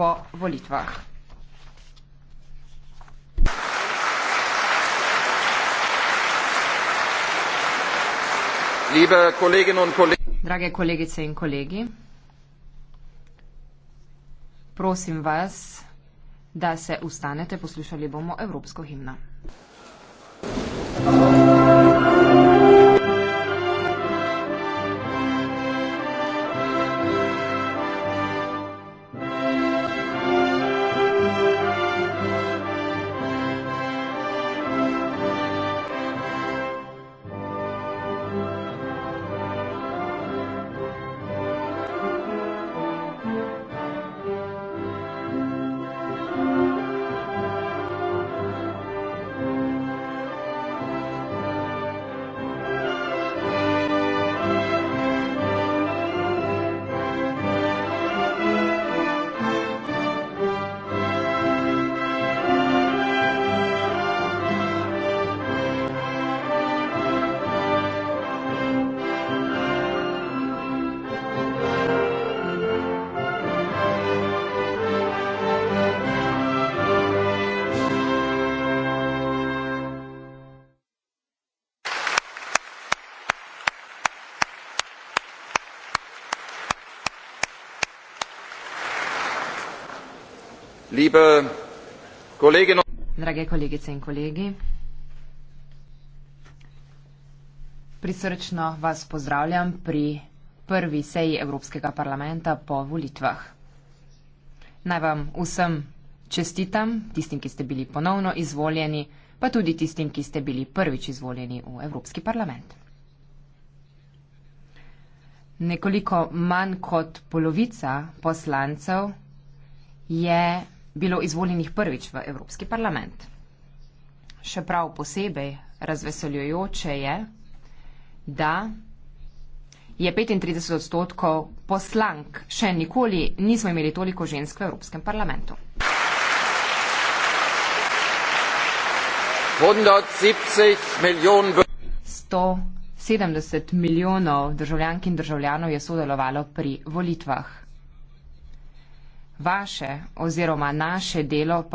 po volitvah. Drage kolegice in kolegi, prosim vas, da se ustanete, poslušali bomo evropsko himno. liebe Kolleginnen und Kollegen. Drage kolegice in kolegi. Prisrčno vas pozdravljam pri prvi seji Evropskega parlamenta po volitvah. Naj vam vsem čestitam, tistim, ki ste bili ponovno izvoljeni, pa tudi tistim, ki ste bili prvič izvoljeni v Evropski parlament. Nekoliko manj kot polovica poslancev je bilo izvoljenih prvič v Evropski parlament. Še prav posebej razveseljujoče je, da je 35 odstotkov poslank, še nikoli nismo imeli toliko žensk v Evropskem parlamentu. 170 milijonov državljank in državljanov je sodelovalo pri volitvah vaše oziroma naše delo pa